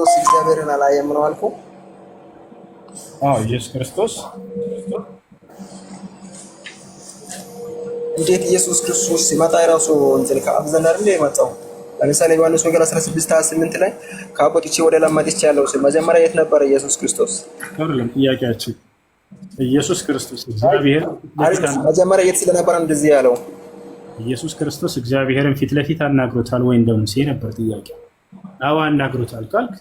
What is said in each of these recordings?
ክርስቶስ እግዚአብሔርን አላየም ነው አልኩ። አዎ ኢየሱስ ክርስቶስ እንዴት ኢየሱስ ክርስቶስ ሲመጣ የራሱ እንትን ከአብ ዘንድ አይደል የመጣው? ለምሳሌ ዮሐንስ ወንጌል 16 28 ላይ ከአብ ወጥቼ ወደ ላብ መጥቻለሁ ሲል መጀመሪያ የት ነበረ ኢየሱስ ክርስቶስ? አይደለም ጥያቄያችን ኢየሱስ ክርስቶስ እግዚአብሔር መጀመሪያ የት ስለነበረ እንደዚህ ያለው ኢየሱስ ክርስቶስ እግዚአብሔርን ፊት ለፊት አናግሮታል ወይ እንደሙሴ ነበር ጥያቄ? አዎ አናግሮታል ካልክ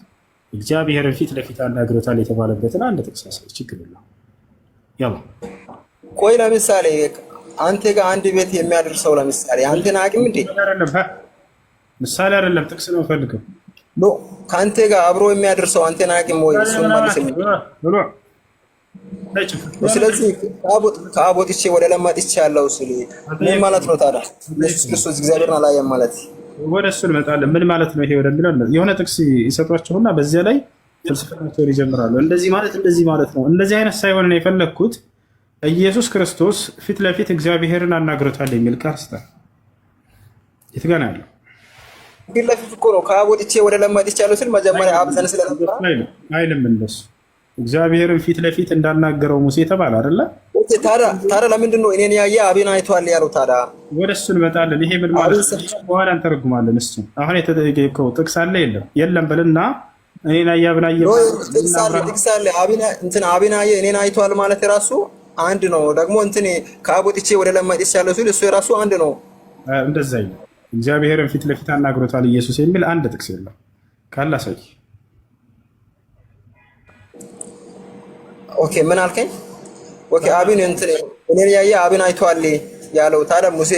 እግዚአብሔርን ፊት ለፊት አናግሮታል የተባለበትን አንድ ጥቅስ ችግር የለውም። ቆይ ለምሳሌ አንተ ጋር አንድ ቤት የሚያደርሰው ለምሳሌ አንተን አቅም እንዴ ምሳሌ አይደለም ጥቅስ ነው ፈልግም ኖ ከአንተ ጋር አብሮ የሚያደርሰው አንተን አቅም ወይ እሱን ማለሰኝ ስለዚህ ከአቦጥቼ ወደ ለማጥቼ ያለው ስ ምን ማለት ነው ታዲያ? ኢየሱስ ክርስቶስ እግዚአብሔርን አላየም ማለት ወደ እሱ እንመጣለን። ምን ማለት ነው ይሄ ወደሚለው የሆነ ጥቅስ ይሰጧችሁና በዚያ ላይ ፍልስፍና ፍልስፍናቸውን ይጀምራሉ። እንደዚህ ማለት እንደዚህ ማለት ነው። እንደዚህ አይነት ሳይሆን ነው የፈለግኩት ኢየሱስ ክርስቶስ ፊት ለፊት እግዚአብሔርን አናግሮታል የሚል ቃል ስታል የት ጋ ነው ያለው? ፊት ለፊት እኮ ነው። ከአብ ወጥቼ ወደ ለመጥቼ ያሉትን መጀመሪያ አብ ዘንድ ስለነበረ አይልም። እንደሱ እግዚአብሔርን ፊት ለፊት እንዳናገረው ሙሴ ተባለ አይደለም ታዲያ ለምንድን ነው እኔን ያየ አቤን አይቷል ያለው? ታዲያ ወደ እሱ እንመጣለን። ይሄ ምን ማለት በኋላ እንተረጉማለን። እሱ አሁን የተጠየቀው ጥቅስ አለ የለም የለም ብልና እኔን ያየ አብን አየ ጥቅስ አለ እንትን አቤን አየ እኔን አይቷል ማለት የራሱ አንድ ነው። ደግሞ እንትን ከአቦጥቼ ወደ ለማይጤስ ያለው ሲል እሱ የራሱ አንድ ነው። እንደዛ እግዚአብሔርን ፊት ለፊት አናግሮታል ኢየሱስ የሚል አንድ ጥቅስ የለም ካለ ኦኬ ምን አልከኝ? ወኪ አብን እንትን እኔን ያየ አብን አይቷል ያለው ታዲያ ሙሴ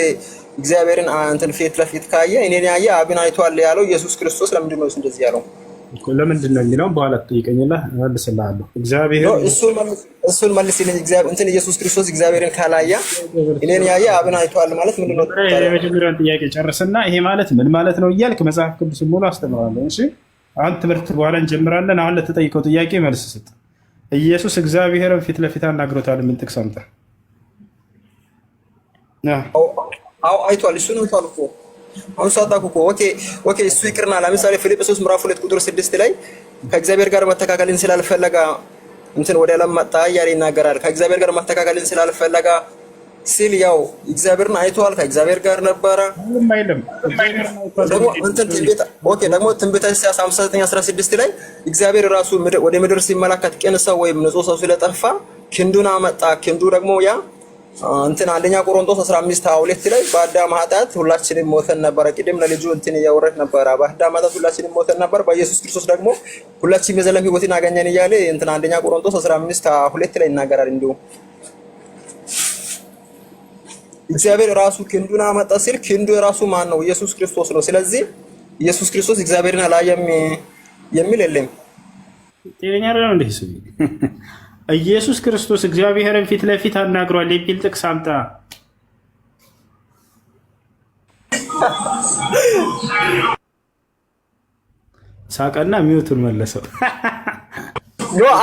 እግዚአብሔርን እንትን ፊት ለፊት ካየ እኔን ያየ አብን አይቷል ያለው ኢየሱስ ክርስቶስ ለምንድን ነው እንደዚህ ያለው? ለምንድን ነው የሚለውን በኋላ ትጠይቀኝና መልስልሃለሁ። እግዚአብሔር እሱን መልስልኝ። እንትን ኢየሱስ ክርስቶስ እግዚአብሔርን ካላየ እኔን ያየ አብን አይቷል ማለት ምንድን ነው? የመጀመሪያውን ጥያቄ ጨርስና ይሄ ማለት ምን ማለት ነው እያልክ መጽሐፍ ቅዱስን ሙሉ አስተምራለሁ። እሺ አሁን ትምህርት በኋላ እንጀምራለን። አሁን ለተጠይቀው ጥያቄ መልስ ስጥ። ኢየሱስ እግዚአብሔርን ፊት ለፊት አናግሮታል። ምን ጥቅስ አምጣ? አዎ አይቷል። እሱ ነው ታልፎ አሁን ሳታውቁ እኮ ኦኬ ኦኬ፣ እሱ ይቅርና ለምሳሌ ፊልጵሶስ ምዕራፍ ሁለት ቁጥር ስድስት ላይ ከእግዚአብሔር ጋር መተካከልን ስላልፈለጋ እንትን ወደ ዓለም መጣ እያለ ይናገራል። ከእግዚአብሔር ጋር መተካከልን ስላልፈለጋ ሲል ያው እግዚአብሔርን አይተዋል፣ ከእግዚአብሔር ጋር ነበረ። ደግሞ ትንቢተ 59 16 ላይ እግዚአብሔር ራሱ ወደ ምድር ሲመለከት ቅን ሰው ወይም ንጹህ ሰው ስለጠፋ ክንዱን አመጣ። ክንዱ ደግሞ ያ እንትን አንደኛ ቆሮንቶስ 22 ላይ በአዳም ኃጢአት ሁላችንም ሞተን ነበረ። ቅድም ለልጁ እንትን እያወረድ ነበረ። በአዳም ኃጢአት ሁላችንም ሞተን ነበር፣ በኢየሱስ ክርስቶስ ደግሞ ሁላችንም የዘላለም ሕይወትን አገኘን እያለ እንትን አንደኛ ቆሮንቶስ 22 ላይ ይናገራል እንዲሁ እግዚአብሔር ራሱ ክንዱን አመጣ ሲል ክንዱ የራሱ ማን ነው? ኢየሱስ ክርስቶስ ነው። ስለዚህ ኢየሱስ ክርስቶስ እግዚአብሔርን አላየም የሚል የለም። ጤነኛ ነው እንደ ኢየሱስ ክርስቶስ እግዚአብሔርን ፊት ለፊት አናግሯል የሚል ጥቅስ አምጣ። ሳቀና ሚውቱን መለሰው።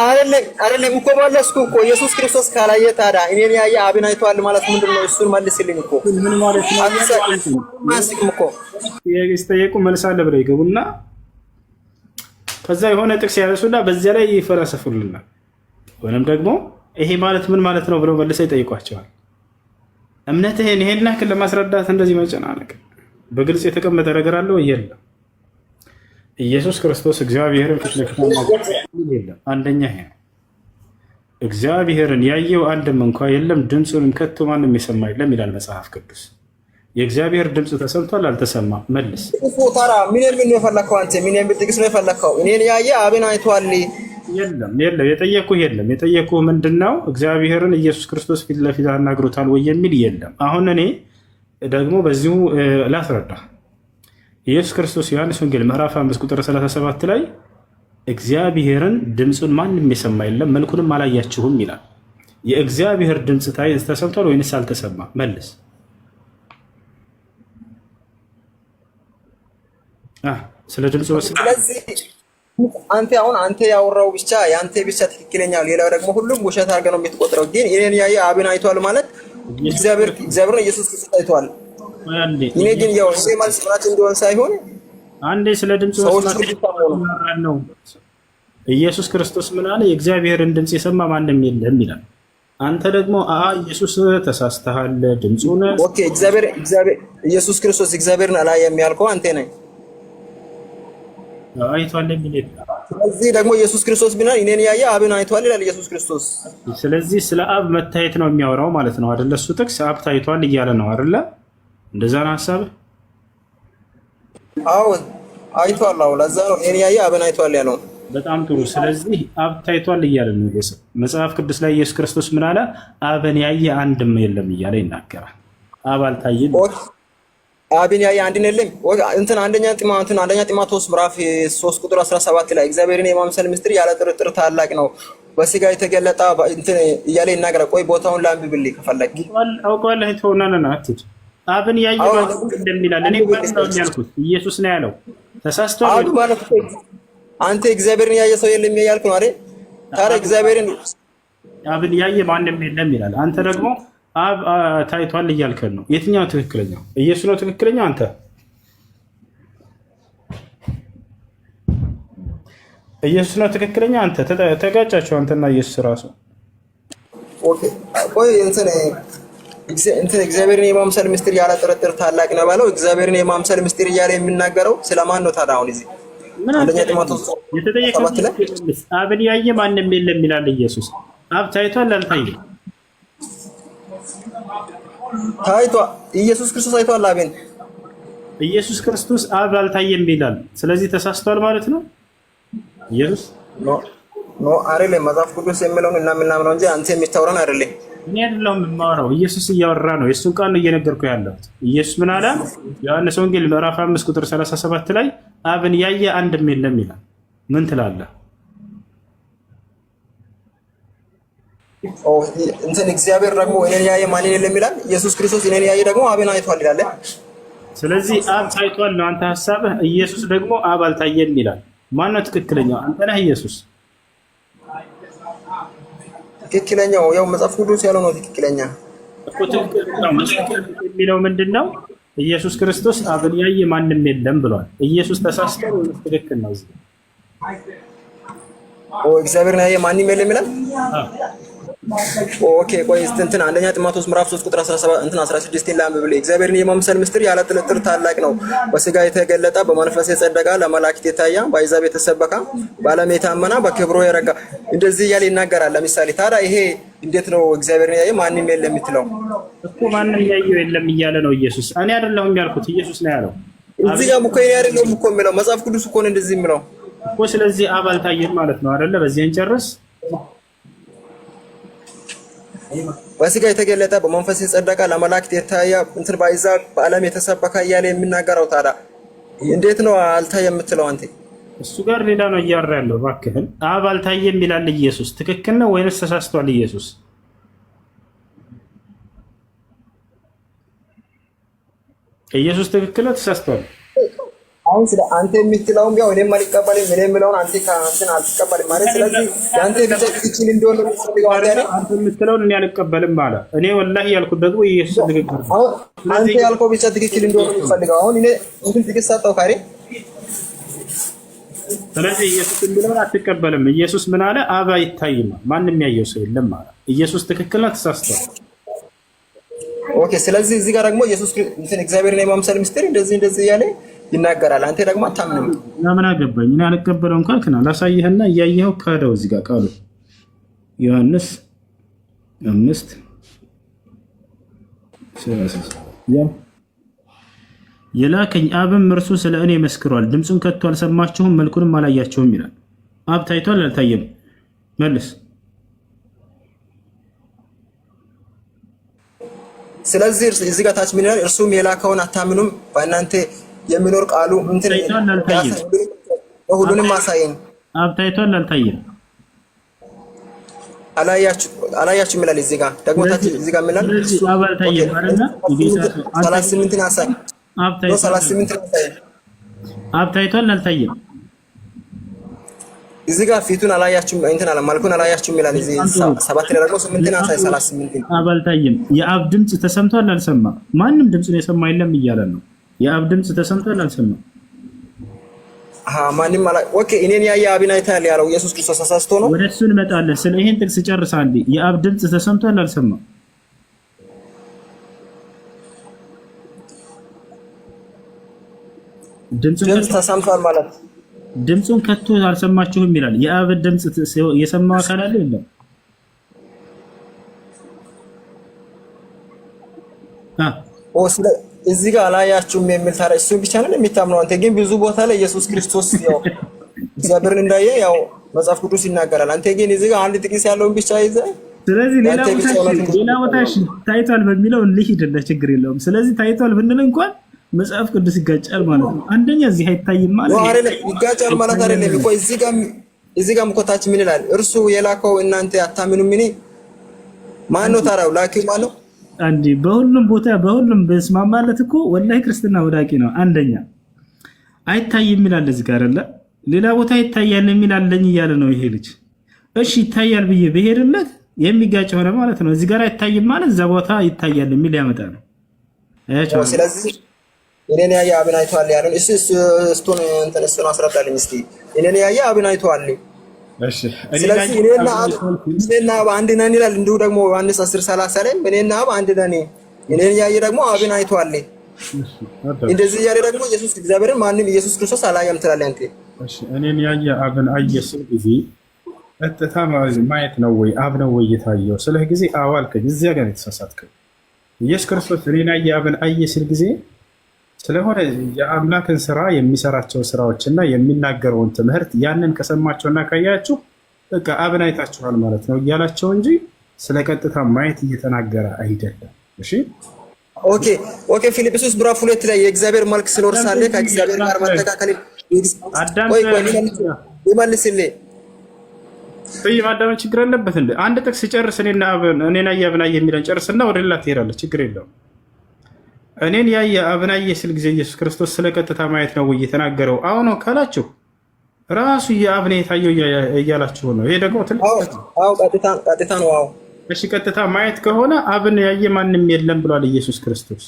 አይደለም እኮ መለስኩ እኮ ኢየሱስ ክርስቶስ ካላየ ታዲያ እኔን ያየ አብን አይተዋል ማለት ምንድን ነው? እሱን መልስልኝ እኮ ምን ማለት ነው? ማስቅም እኮ ሲጠየቁ መልሳለህ ብለው ይገቡና ከዛ የሆነ ጥቅስ ያነሱና በዚያ ላይ ይፈላሰፉልናል። ወይም ደግሞ ይሄ ማለት ምን ማለት ነው ብለው መልሰ ይጠይቋቸዋል። እምነትህን ይሄን ያክል ለማስረዳት እንደዚህ መጨናነቅ፣ በግልጽ የተቀመጠ ነገር አለ ወይ የለም? ኢየሱስ ክርስቶስ እግዚአብሔርን ፊት ለፊት የለም። አንደኛ ይሄ እግዚአብሔርን ያየው አንድም እንኳ የለም፣ ድምፁንም ከቶ ማንም የሰማ የለም ይላል መጽሐፍ ቅዱስ። የእግዚአብሔር ድምፅ ተሰምቷል አልተሰማ? መልስ። ተራ ምን የሚል ነው የፈለከው? አንተ ምን የሚል ጥቅስ ነው የፈለከው? እኔን ያየ አብን አይቷል። የለም የለም፣ የጠየኩህ የለም። የጠየኩህ ምንድን ነው? እግዚአብሔርን ኢየሱስ ክርስቶስ ፊት ለፊት አናግሮታል ወይ የሚል የለም። አሁን እኔ ደግሞ በዚሁ ላስረዳ ኢየሱስ ክርስቶስ ዮሐንስ ወንጌል ምዕራፍ 5 ቁጥር 37 ላይ እግዚአብሔርን ድምፁን ማንም የሰማ የለም መልኩንም አላያችሁም ይላል። የእግዚአብሔር ድምፅ ታይ ተሰምቷል ወይንስ አልተሰማ? መልስ። ስለ ድምፁ አንተ አሁን አንተ ያወራው ብቻ የአንተ ብቻ ትክክለኛ፣ ሌላው ደግሞ ሁሉም ውሸት አድርገህ ነው የምትቆጥረው። ግን ይህን ያየ አብን አይቷል ማለት እግዚአብሔርን ኢየሱስ ክርስቶስ አይቷል እኔ ግን ያው እሱ የማን እንደሆን ሳይሆን አንዴ ስለ ድምጽ መስማት ነው። ኢየሱስ ክርስቶስ ምን አለ? የእግዚአብሔርን ድምጽ የሰማ ማንም የለም ይላል። አንተ ደግሞ አ ኢየሱስ ተሳስተሃል፣ ድምፁ ነ ኦኬ እግዚአብሔር እግዚአብሔር ኢየሱስ ክርስቶስ እግዚአብሔርን አላየም ያልከው አንተ ነህ። አይቷል የሚል ስለዚህ ደግሞ ኢየሱስ ክርስቶስ ቢሆን እኔን ያየ አብን አይቷል ይላል ኢየሱስ ክርስቶስ። ስለዚህ ስለ አብ መታየት ነው የሚያወራው ማለት ነው አይደለ? እሱ ጥቅስ አብ ታይቷል እያለ ነው አይደለ? እንደዛ ነው ሀሳብህ? አዎ አይቷል። አዎ ለዛ ነው ይሄን ያየ አብን አይቷል ያለው። በጣም ጥሩ። ስለዚህ አብ ታይቷል እያለ ነው ኢየሱስ። መጽሐፍ ቅዱስ ላይ ኢየሱስ ክርስቶስ ምን አለ? አብን ያየ አንድም የለም እያለ ይናገራል። አብ አልታየም። አብን ያየ አንድ የለም። እንትን አንደኛ ጢሞቴዎስ አንደኛ ጢሞቴዎስ ምዕራፍ 3 ቁጥር 17 ላይ እግዚአብሔርን የማምሰል ምስጢር ያለ ጥርጥር ታላቅ ነው በስጋ የተገለጠ እንትን እያለ ይናገራል። ቆይ ቦታውን ላንብብልህ ከፈለክ። ተውና ነና አትድ አብን ያየው እንደሚላል እኔ ያልኩት ኢየሱስ ነው ያለው ተሳስቶ ማለት አንተ እግዚአብሔርን ያየ ሰው የለም ያልክ ነው አይደል? ታዲያ እግዚአብሔርን አብን ያየ ማንም የለም ይላል። አንተ ደግሞ አብ ታይቷል እያልከን ነው። የትኛው ትክክለኛው? ኢየሱስ ነው ትክክለኛው? አንተ ኢየሱስ ነው ትክክለኛ? አንተ ተጋጫቸው አንተና ኢየሱስ ራሱ ኦኬ እግዚአብሔርን የማምሰል ምስጢር ያለ ጥርጥር ታላቅ ነው ባለው እግዚአብሔርን የማምሰል ምስጢር እያለ የሚናገረው ስለማን ነው ታዲያ? አሁን እዚህ አንደኛ ጢሞቴዎስ ሰባት አብን ያየ ማንም የለም ይላል ኢየሱስ። አብ ታይቷል አልታየም? ታይቷል። ኢየሱስ ክርስቶስ ታይቷል አብን። ኢየሱስ ክርስቶስ አብ አልታየም ይላል። ስለዚህ ተሳስቷል ማለት ነው ኢየሱስ ኖ ኖ አይደለም። መጽሐፍ ቅዱስ የሚለውን እና ምናምን ነው እንጂ አንተ የሚታወራን አይደለም። እኔ አይደለሁም የማወራው፣ ኢየሱስ እያወራ ነው። የእሱን ቃል ነው እየነገርኩ ያለሁት። ኢየሱስ ምን አለ? ዮሐንስ ወንጌል ምዕራፍ 5 ቁጥር 37 ላይ አብን ያየ አንድም የለም ይላል። ምን ትላለህ? እንትን እግዚአብሔር ደግሞ እኔን ያየ የለም ይላል። ኢየሱስ ክርስቶስ እኔን ያየ ደግሞ አብን አይቷል ይላል። ስለዚህ አብ ታይቷል ነው አንተ ሀሳብህ። ኢየሱስ ደግሞ አብ አልታየም ይላል። ነው ትክክለኛው? አንተ ነህ ኢየሱስ ትክክለኛው ያው መጽሐፍ ቅዱስ ያለው ነው። ትክክለኛ የሚለው ምንድን ነው? ኢየሱስ ክርስቶስ አብን ያየ ማንም የለም ብሏል። ኢየሱስ ተሳስቶ ትክክል ነው? እግዚአብሔርን ያየ ማንም የለም ይላል። ኦኬ ቆይ እንትን አንደኛ ጢሞቴዎስ ምዕራፍ 3 ቁጥር 17 እንትን 16 ላይ አንብብል። እግዚአብሔርን የመምሰል ምስጢር ያለ ጥርጥር ታላቅ ነው። በስጋ የተገለጠ በመንፈስ የጸደቀ ለመላእክት የታየ በአሕዛብ የተሰበከ በዓለም የታመነ በክብሩ የረጋ እንደዚህ እያለ ይናገራል። ለምሳሌ ታዲያ ይሄ እንዴት ነው እግዚአብሔርን ያየ ማንም የለም የምትለው? እኮ ማንም ያየው የለም እያለ ነው ኢየሱስ። እኔ አይደለሁም ያልኩት ኢየሱስ ነው ያለው። እዚህ ጋር እኮ እኔ አይደለሁም እኮ የሚለው መጽሐፍ ቅዱስ እኮ ነው እንደዚህ የሚለው እኮ። ስለዚህ አብ አልታየም ማለት ነው አይደለ? በዚህ እንጨርስ በስጋ የተገለጠ በመንፈስ የጸደቀ ለመላእክት የታየ እንትን ባይዛ በዓለም የተሰበከ እያለ የሚናገረው ታዲያ እንዴት ነው አልታየ የምትለው አንተ? እሱ ጋር ሌላ ነው እያወራ ያለው። እባክህን አብ አልታየም ይላል ኢየሱስ። ትክክል ነው ወይንስ ተሳስቷል ኢየሱስ? ኢየሱስ ትክክል ነው ተሳስቷል? አሁን ስለ አንተ የምትለውም ያው እኔም አልቀበልም እኔ የምለውን አንተ ከአንተን አልቀበልም ማለት ስለዚህ የአንተ ብቻ ትችል እንደሆነ የምትፈልገው አንተ የምትለውን እኔ አልቀበልም አለ። እኔ ወላሂ ያልኩት ደግሞ ኢየሱስ ንግግር አሁን አንተ ያልከው ብቻ ትክክል እንደሆነ የምትፈልገው አሁን እኔ እንትን ትግስት ሰጠው ካሬ ስለዚህ ኢየሱስ የሚለውን አትቀበልም። ኢየሱስ ምን አለ? አብ አይታይም፣ ማንም ያየው ሰው የለም አለ። ኢየሱስ ትክክል ነው ተሳስተው ኦኬ። ስለዚህ እዚህ ጋር ደግሞ ኢየሱስ እንትን እግዚአብሔርን የማምሰል ምስጢር እንደዚህ እንደዚህ እያለ ይናገራል። አንተ ደግሞ አታምንም። ምን አገባኝ እኔ አልቀበለውም ካልክና ላሳይህና እያየኸው ካደው። እዚህ ጋር ቃሉ ዮሐንስ አምስት የላከኝ አብም እርሱ ስለ እኔ መስክሯል። ድምፁን ከቶ አልሰማችሁም፣ መልኩንም አላያቸውም ይላል። አብ ታይቷል አልታየም? መልስ። ስለዚህ እዚህ ጋር ታች ምን ይላል? እርሱም የላከውን አታምኑም በእናንተ የሚኖር ቃሉ እንትን ሁሉንም አሳየኝ። አብ ታይቷል አልታየም? አላያችሁም ይላል እዚህ ጋር ደግሞ እዚህ ጋር ይላል ሰላሳ ስምንትን አሳይ። አልታየም? እዚህ ጋር ፊቱን አላያችሁም እንትን አለ መልኩን አላያችሁም ይላል። እዚህ ሰባት ላይ ደግሞ ስምንትን አሳይ። ሰላሳ ስምንትን የአብ ድምፅ ተሰምቷል አልሰማም? ማንም ድምፅ ነው የሰማ የለም ነው የአብ ድምፅ ተሰምቷል? አልሰማም። ማንም ኦኬ፣ እኔን ያየ አብን አይተሃል ያለው ኢየሱስ ክርስቶስ አሳስቶ ነው። ወደ እሱ እንመጣለን። ስለ ይሄን ጥቅስ ጨርሳ አንዴ። የአብ ድምፅ ተሰምቷል? አልሰማም። ድምፅ ተሰምቷል ማለት ድምፁን ከቶ አልሰማችሁም ይላል። የአብ ድምፅ የሰማው አካል አለ የለም? አ እዚህ ጋር አላያችሁም የሚል ታዲያ እሱ ብቻ ነው የሚታምነው። አንተ ግን ብዙ ቦታ ላይ ኢየሱስ ክርስቶስ ያው እግዚአብሔርን እንዳየ ያው መጽሐፍ ቅዱስ ይናገራል። አንተ ግን እዚህ ጋር አንድ ጥቂስ ያለውን ብቻ ይዘህ ስለዚህ ሌላ ቦታ ሌላ ቦታ ታይቷል በሚለው ልሂድና ችግር የለውም። ስለዚህ ታይቷል ብንል እንኳን መጽሐፍ ቅዱስ ይጋጫል ማለት ነው። አንደኛ እዚህ አይታይም ማለት ይጋጫል ማለት አይደለም እኮ እዚህ ጋር እዚህ ጋር ምኮታችን ምን ይላል? እርሱ የላከው እናንተ አታምኑም። ምን ማን ነው ታራው ላኪ ማለት አንዲ በሁሉም ቦታ በሁሉም በስማማለት እኮ ወላሂ ክርስትና ወዳቂ ነው። አንደኛ አይታይ ይላል እዚህ ጋር አለ። ሌላ ቦታ ይታያል የሚል አለኝ እያለ ነው ይሄ ልጅ። እሺ ይታያል ብዬ ብሄድለት የሚጋጭ ሆነ ማለት ነው። እዚህ ጋር አይታይም ማለት እዛ ቦታ ይታያል የሚል ያመጣ ነው። ስለዚህ እኔን ያየ አብን አይተዋል ያለን እሱ እሱን እንትን እሱን አስረዳልኝ እስኪ እኔን ያየ አብን አይተዋል ስለዚህ እኔና አብ አንድ ነን ይላል። እንዲሁ ደግሞ ዮሐንስ አስር ሰላሳ ላይ እኔና አብ አንድ ነን፣ እኔን ያየ ደግሞ አብን አይቷል። እንደዚህ እያለ ደግሞ ኢየሱስ እግዚአብሔርን ማንም ኢየሱስ ክርስቶስ አላየም ትላለህ አንተ። እኔን ያየ አብን አየ ስል ጊዜ ቀጥታ ማየት ነው ወይ አብ ነው ወይ የታየው ስለ ጊዜ አዋልከኝ፣ እዚያ ጋር የተሳሳትከኝ። ኢየሱስ ክርስቶስ እኔን ያየ አብን አየ ስል ጊዜ ስለሆነ የአምላክን ስራ የሚሰራቸውን ስራዎችና የሚናገረውን ትምህርት ያንን ከሰማቸውና ካያችሁ በቃ አብን አይታችኋል ማለት ነው እያላቸው እንጂ ስለ ቀጥታ ማየት እየተናገረ አይደለም። እሺ ኦኬ ኦኬ። ፊልጵስዩስ ምዕራፍ ሁለት ላይ የእግዚአብሔር መልክ ሲኖር ሳለ ከእግዚአብሔር ጋር መተካከል ይመልስልህ ይ ማዳመ ችግር አለበት እንዴ? አንድ ጥቅስ ጨርስ። እኔና እኔና እያብና የሚለን ጨርስና ወደ ሌላ ትሄዳለህ። ችግር የለውም። እኔን ያየ አብን አየ ስል ጊዜ ኢየሱስ ክርስቶስ ስለ ቀጥታ ማየት ነው እየተናገረው አሁ ነው ካላችሁ ራሱ የአብን የታየው እያላችሁ ነው። ይሄ ደግሞ ቀጥታ ነው። እሺ ቀጥታ ማየት ከሆነ አብን ያየ ማንም የለም ብሏል ኢየሱስ ክርስቶስ።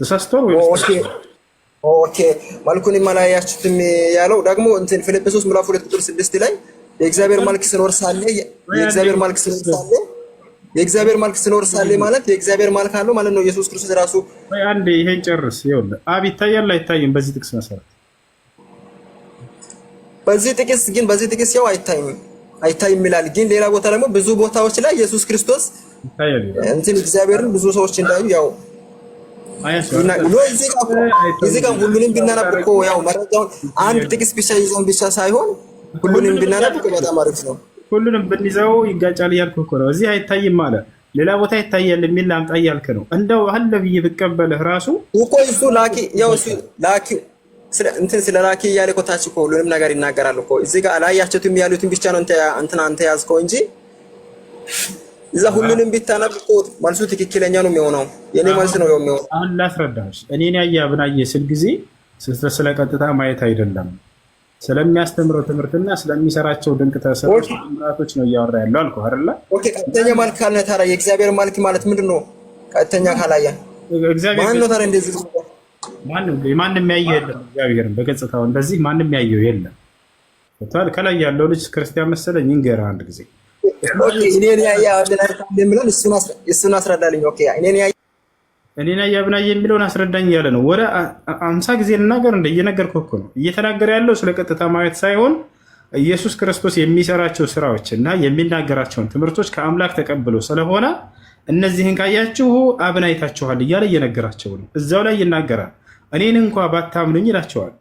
ተሳስቷል ወይ? ኦኬ መልኩን አላያችሁትም ያለው ደግሞ እንትን ፊልጵሶስ ምዕራፍ ሁለት ቁጥር ስድስት ላይ የእግዚአብሔር መልክ ስኖር ሳለ የእግዚአብሔር መልክ ስኖር ሳለ የእግዚአብሔር መልክ ሲኖር ማለት የእግዚአብሔር መልክ አለው ማለት ነው። ኢየሱስ ክርስቶስ ራሱ አንድ ይሄን ጨርስ። ይኸውልህ አብ ይታያል አይታይም? በዚህ ጥቅስ መሰረት በዚህ ጥቅስ ግን በዚህ ጥቅስ ያው አይታይም አይታይም ይላል። ግን ሌላ ቦታ ደግሞ ብዙ ቦታዎች ላይ ኢየሱስ ክርስቶስ ይታያል ይላል። እንትን እግዚአብሔርን ብዙ ሰዎች እንዳዩ ያው እዚህ ጋር ሁሉንም ብናነብ እኮ ያው መረጃውን አንድ ጥቅስ ብቻ ይዘን ብቻ ሳይሆን ሁሉንም ብናነብ በጣም አሪፍ ነው። ሁሉንም ብንይዘው ይጋጫል እያልኩ እኮ ነው። እዚህ አይታይም አለ ሌላ ቦታ ይታያል የሚል ላምጣ እያልክ ነው። እንደው አለ ብዬ ብቀበልህ ራሱ እኮ እሱ ላኪ ያው እሱ ላኪ እንትን ስለ ላኪ እያለ እኮ ታች እኮ ሁሉንም ነገር ይናገራል እኮ እዚህ ጋር ላያቸውትም ያሉትን ብቻ ነው እንትን አንተ ያዝከው እንጂ እዛ ሁሉንም ቢታነብ መልሱ ትክክለኛ ነው የሚሆነው። የኔ መልስ ነው የሚሆነው። አሁን ላስረዳሽ እኔን ያየ አብናየ ስል ጊዜ ስለ ቀጥታ ማየት አይደለም ስለሚያስተምረው ትምህርትና ስለሚሰራቸው ድንቅ ተሰሮች ምራቶች ነው እያወራ ያለው አልኩ አይደለ? ኦኬ። ቀጥተኛ ማለት ካለ ታ የእግዚአብሔር ማለት ማለት ምንድን ነው? ቀጥተኛ ካላየ እግዚአብሔር ማን ነው ታዲያ? እንደዚህ ማንም ማንም ያየው የለም። እግዚአብሔርን በገጽታው እንደዚህ ማንም ያየው የለም። ታል ከላይ ያለው ልጅ ክርስቲያን መሰለኝ ይንገር አንድ ጊዜ እኔን ያያ እንደምለን እሱን አስረዳልኝ። ኦኬ እኔን ያየ እኔና ያብና የሚለውን አስረዳኝ እያለ ነው። ወደ አምሳ ጊዜ ልናገር እንደ እየነገርኩ እኮ ነው እየተናገረ ያለው ስለ ቀጥታ ማየት ሳይሆን ኢየሱስ ክርስቶስ የሚሰራቸው ስራዎች እና የሚናገራቸውን ትምህርቶች ከአምላክ ተቀብሎ ስለሆነ እነዚህን ካያችሁ አብን አይታችኋል እያለ እየነገራቸው ነው። እዛው ላይ ይናገራል። እኔን እንኳ ባታምኑኝ ይላቸዋል።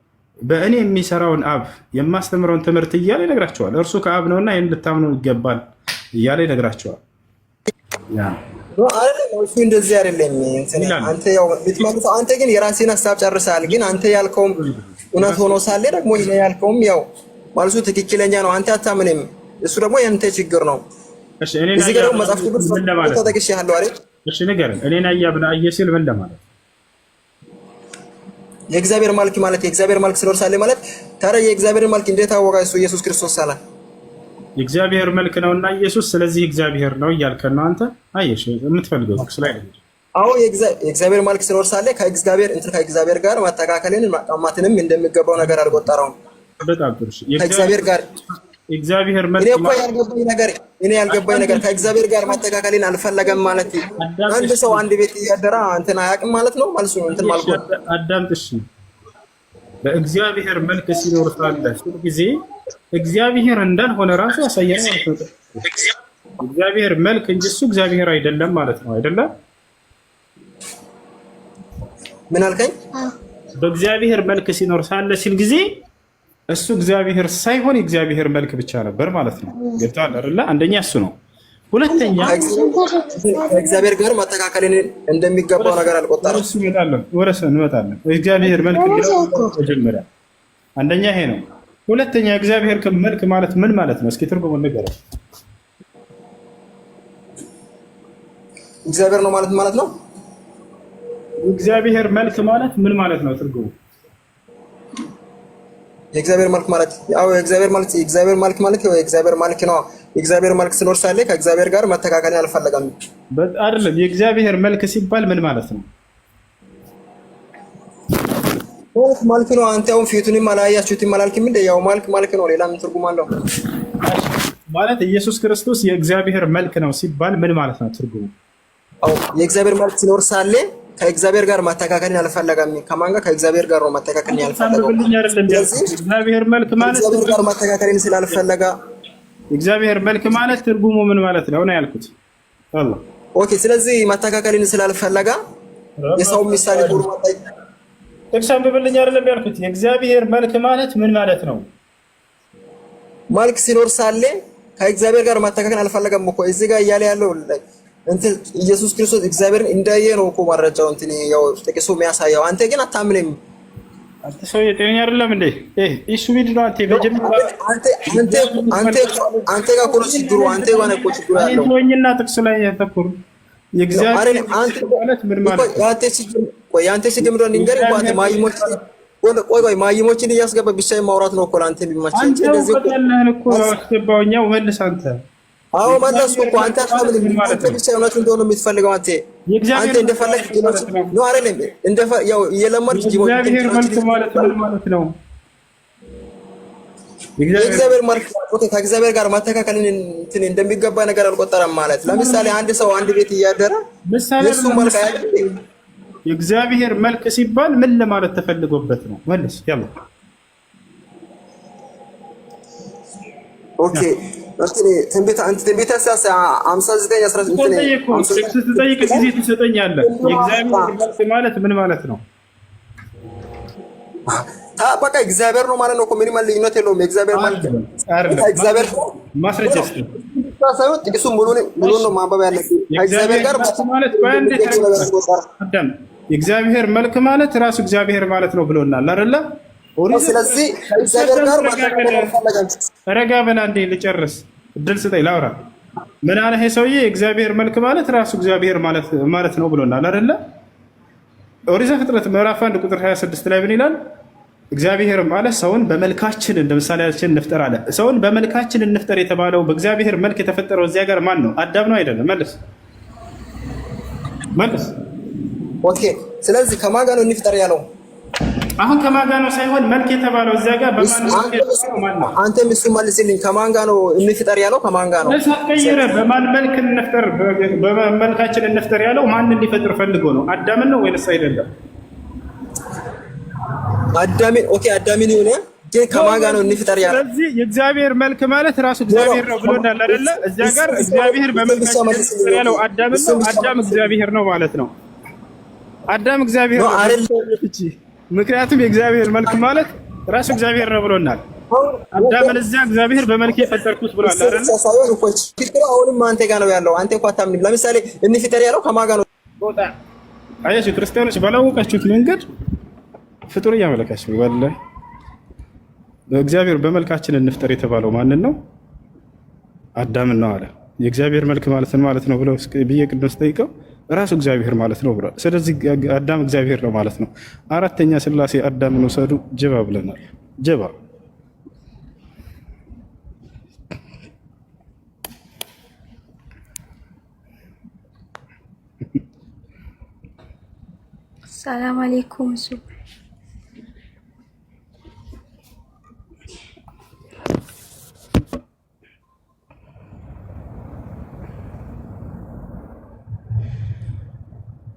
በእኔ የሚሰራውን አብ የማስተምረውን ትምህርት እያለ ይነግራቸዋል። እርሱ ከአብ ነውና ይህን ልታምኑ ይገባል እያለ ይነግራቸዋል። እንደዚህ አይደለም። አንተ ያው የምትመልሰው አንተ ግን የራሴን ሀሳብ ጨርሰሃል። ግን አንተ ያልከውም እውነት ሆኖ ሳለ ደግሞ ያልከውም ያው ማለሱ ትክክለኛ ነው። አንተ አታምንም፣ እሱ ደግሞ ያንተ ችግር ነው። እዚህ ጋር ደግሞ መጽሐፍ ቅዱስ ተጠቅሼሃለሁ አይደል? እሺ ንገረን። እኔን አያ ብለህ አየህ ሲል ምን ለማለት የእግዚአብሔር መልክ ማለት የእግዚአብሔር መልክ ስለወርሳለ ማለት ታዲያ የእግዚአብሔር መልክ እንዴት አወቀ እሱ ኢየሱስ ክርስቶስ አለ የእግዚአብሔር መልክ ነውና ኢየሱስ። ስለዚህ እግዚአብሔር ነው እያልከ ነው አንተ። አየሽ የምትፈልገው ክስ ላይ አዎ የእግዚአብሔር መልክ ስለወርሳለ ሳለ ከእግዚአብሔር እንትን ከእግዚአብሔር ጋር ማተካከልን ማጣማትንም እንደሚገባው ነገር አልቆጠረውም። በጣም ጥሩ። ከእግዚአብሔር ጋር እግዚአብሔር መልክ እኔ እኮ ያልገባኝ ነገር እኔ ያልገባኝ ነገር ከእግዚአብሔር ጋር ማተካከልን አልፈለገም ማለት አንድ ሰው አንድ ቤት እያደራ እንትን አያውቅም ማለት ነው። መልሱ እንትን ማለት አዳምጥሽ። በእግዚአብሔር መልክ ሲኖር ሳለ ሁልጊዜ እግዚአብሔር እንዳልሆነ ራሱ ያሳያል ማለት ነው። እግዚአብሔር መልክ እንጂ እሱ እግዚአብሔር አይደለም ማለት ነው። አይደለም ምን አልከኝ? በእግዚአብሔር መልክ ሲኖር ሳለ ሲል ጊዜ እሱ እግዚአብሔር ሳይሆን የእግዚአብሔር መልክ ብቻ ነበር ማለት ነው። ገብተዋል አይደለ? አንደኛ እሱ ነው። ሁለተኛ እግዚአብሔር ጋር ማጠቃከል እንደሚገባው ነገር አልቆጠረም። እሱ እንመጣለን፣ ወደ እሱ እንመጣለን። እግዚአብሔር መልክ መጀመሪያ አንደኛ ይሄ ነው። ሁለተኛ እግዚአብሔር መልክ ማለት ምን ማለት ነው? እስኪ ትርጉሙ ንገረን። እግዚአብሔር ነው ማለት ማለት ነው። እግዚአብሔር መልክ ማለት ምን ማለት ነው? ትርጉሙ የእግዚአብሔር መልክ ማለት ያው የእግዚአብሔር መልክ የእግዚአብሔር መልክ ማለት ያው የእግዚአብሔር መልክ ነው። የእግዚአብሔር መልክ ሲኖር ሳለ ከእግዚአብሔር ጋር መተካከልን አልፈለገም አይደለም። የእግዚአብሔር መልክ ሲባል ምን ማለት ነው? መልክ መልክ ነው። አንተ አሁን ያው ነው። ሌላ ምን ትርጉም አለው? ማለት ኢየሱስ ክርስቶስ የእግዚአብሔር መልክ ነው ሲባል ምን ማለት ነው ትርጉሙ? አዎ የእግዚአብሔር መልክ ሲኖር ሳለ ከእግዚአብሔር ጋር ማተካከልን ያልፈለጋም። ከማን ጋር? ከእግዚአብሔር ጋር ነው ማተካከል ያልፈለገው። እግዚአብሔር መልክ ማለት ማተካከልን እግዚአብሔር መልክ ማለት ትርጉሙ ምን ማለት ነው ነው ያልኩት። ኦኬ። ስለዚህ ማተካከልን ስላልፈለጋ የሰው ምሳሌ ሁሉ ጥቅስ አንብብልኝ አይደለም ያልኩት። የእግዚአብሔር መልክ ማለት ምን ማለት ነው? መልክ ሲኖር ሳለ ከእግዚአብሔር ጋር ማተካከል አልፈለገም እኮ እዚህ ጋር እያለ ያለው እንትን ኢየሱስ ክርስቶስ እግዚአብሔርን እንዳየ ነው እኮ ማረጃው እንትን ያው ጥቅሱ የሚያሳየው። አንተ ግን አታምንም። አንተ ሰው የጤነኛ አይደለም እንዴ? እህ እሱ ምንድን ነው? አንተ በጀምራ አንተ አንተ አንተ አንተ ጋር ኮሮ ሲድሩ አንተ ጋር ነው እኮ ችግሩ ያለው። ጥቅስ ላይ ያተኩር። የእግዚአብሔር አንተ ማለት ምን ማለት ነው? ቆይ አንተ ሲደምሮ ንገር ቋት ማይሞች ወንድ ቆይ ቆይ ማይሞችን እያስገባ ቢሳይ ማውራት ነው እኮ ለአንተ ቢመቸኝ። እንደዚህ እኮ ያለህን እኮ አስገባውኛው መልስ አንተ። አዎ መለስኩ እኮ አንተ አታምን አንተ ብቻ እውነት እንደሆነ የምትፈልገው አንተ አንተ እንደፈለግ ጅሞች ነው አይደለም እንደ ያው የለመድክ ጅሞች እግዚአብሔር መልክ ማለት ምን ማለት ነው? የእግዚአብሔር መልክ ኦኬ፣ ከእግዚአብሔር ጋር ማተካከልን እንትን እንደሚገባ ነገር አልቆጠረም ማለት ለምሳሌ አንድ ሰው አንድ ቤት እያደረ ምሳሌ እሱ መልክ የእግዚአብሔር መልክ ሲባል ምን ለማለት ተፈልጎበት ነው? መልስ። ያለ ስትጠይቅ ጊዜ ትሰጠኛለህ። የእግዚአብሔር መልክ ማለት ምን ማለት ነው? በቃ እግዚአብሔር ነው ማለት ነው። ምንም ልዩነት የለውም። የእግዚአብሔር መልክ ማስረጃ ሳይሆን ጥቅሱም ሙሉ ሙሉ ነው ማንበብ ያለብህ። የእግዚአብሔር መልክ ማለት ራሱ እግዚአብሔር ማለት ነው ብሎናል አይደለ? ስለዚህ ከእግዚአብሔር ጋር ረጋ በላ እንዴ ልጨርስ፣ እድል ስጠኝ ላውራ። ምን አለ ይሄ ሰውዬ? የእግዚአብሔር መልክ ማለት ራሱ እግዚአብሔር ማለት ነው ብሎናል አይደለ? ኦሪት ዘፍጥረት ምዕራፍ አንድ ቁጥር 26 ላይ ምን ይላል? እግዚአብሔር አለ ሰውን በመልካችን እንደ ምሳሌያችን እንፍጠር አለ። ሰውን በመልካችን እንፍጠር የተባለው በእግዚአብሔር መልክ የተፈጠረው እዚያ ጋር ማን ነው? አዳም ነው አይደለም? መልስ መልስ። ኦኬ፣ ስለዚህ ከማን ጋር ነው እንፍጠር ያለው? አሁን ከማን ጋር ነው ሳይሆን መልክ የተባለው እዚያ ጋር በማን ነው? አንተም እሱ መልስልኝ። ከማን ጋር ነው እንፍጠር ያለው? ከማን ጋር ነው? ሳትቀይረ በማን መልክ እንፍጠር፣ በመልካችን እንፍጠር ያለው ማን እንዲፈጥር ፈልጎ ነው? አዳምን ነው ወይንስ አይደለም? አዳሚን ኦኬ፣ አዳሚን የሆነ ግን ከማጋ ነው እንፍጠር ያለ። ስለዚህ የእግዚአብሔር መልክ ማለት ራሱ እግዚአብሔር ነው ብሎናል አይደለ? እዚያ ጋር እግዚአብሔር በመልክ ያለው አዳም ነው። አዳም እግዚአብሔር ነው ማለት ነው። አዳም እግዚአብሔር ነው አይደል? ምክንያቱም የእግዚአብሔር መልክ ማለት ራሱ እግዚአብሔር ነው ብሎናል። አዳምን እዚያ እግዚአብሔር በመልክ የፈጠርኩት ብሏል አይደል? ሳይሆን እኮ ችግሩ አሁንም አንተ ጋር ነው ያለው። አንተ እኮ አታምንም። ለምሳሌ እንፍጠር ያለው ከማጋ ነው። አየሽ፣ ክርስቲያኖች ባላወቃችሁት መንገድ ፍጡር እያመለካች ወላሂ እግዚአብሔር በመልካችን እንፍጠር የተባለው ማንን ነው? አዳም ነው አለ። የእግዚአብሔር መልክ ማለት ማለት ነው ብለው ብዬ ቅድም ስጠይቀው ራሱ እግዚአብሔር ማለት ነው ብሏል። ስለዚህ አዳም እግዚአብሔር ነው ማለት ነው። አራተኛ አዳም አዳምን ውሰዱ ጀባ ብለናል። ጀባ ሰላም አሌይኩም ሱ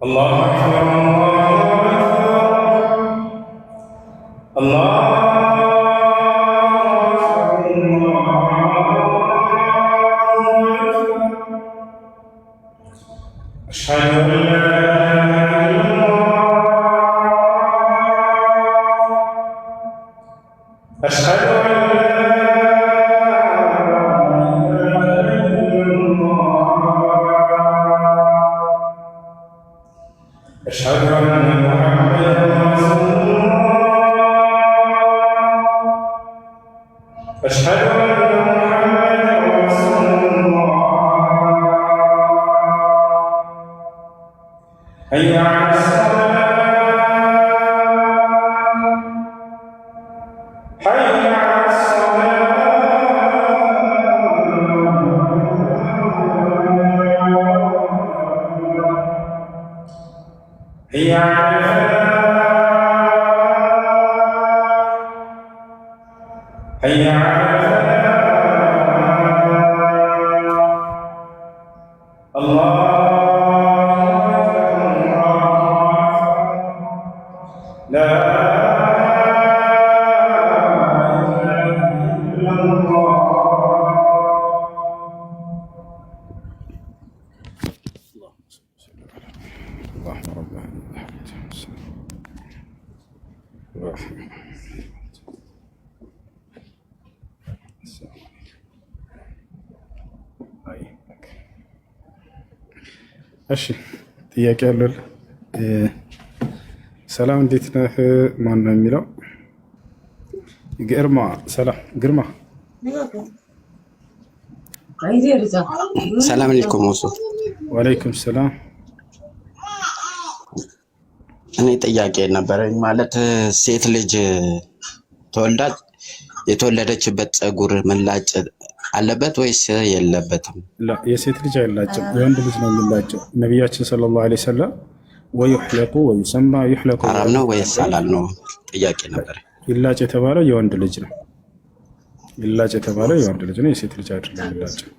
Allah حي على ጥያቄ አለል። ሰላም እንዴት ነህ? ማን ነው የሚለው? ግርማ ሰላም ግርማ ሰላም አለይኩም። ወሶ ወአለይኩም ሰላም። እኔ ጥያቄ ነበረኝ። ማለት ሴት ልጅ ተወልዳ የተወለደችበት ፀጉር መላጨት አለበት ወይስ የለበትም? የሴት ልጅ አይላጭም፣ የወንድ ልጅ ነው የሚላጭው። ነቢያችን ሰለላሁ ዐለይሂ ወሰለም ወዩሕለቁ ወይሰማ ዩሕለቁ አራም ነው ወይስ አላል ነው? ጥያቄ ነበር። ይላጭ የተባለው የወንድ ልጅ ነው። ይላጭ የተባለው የወንድ ልጅ ነው። የሴት ልጅ አይደለም የሚላጭው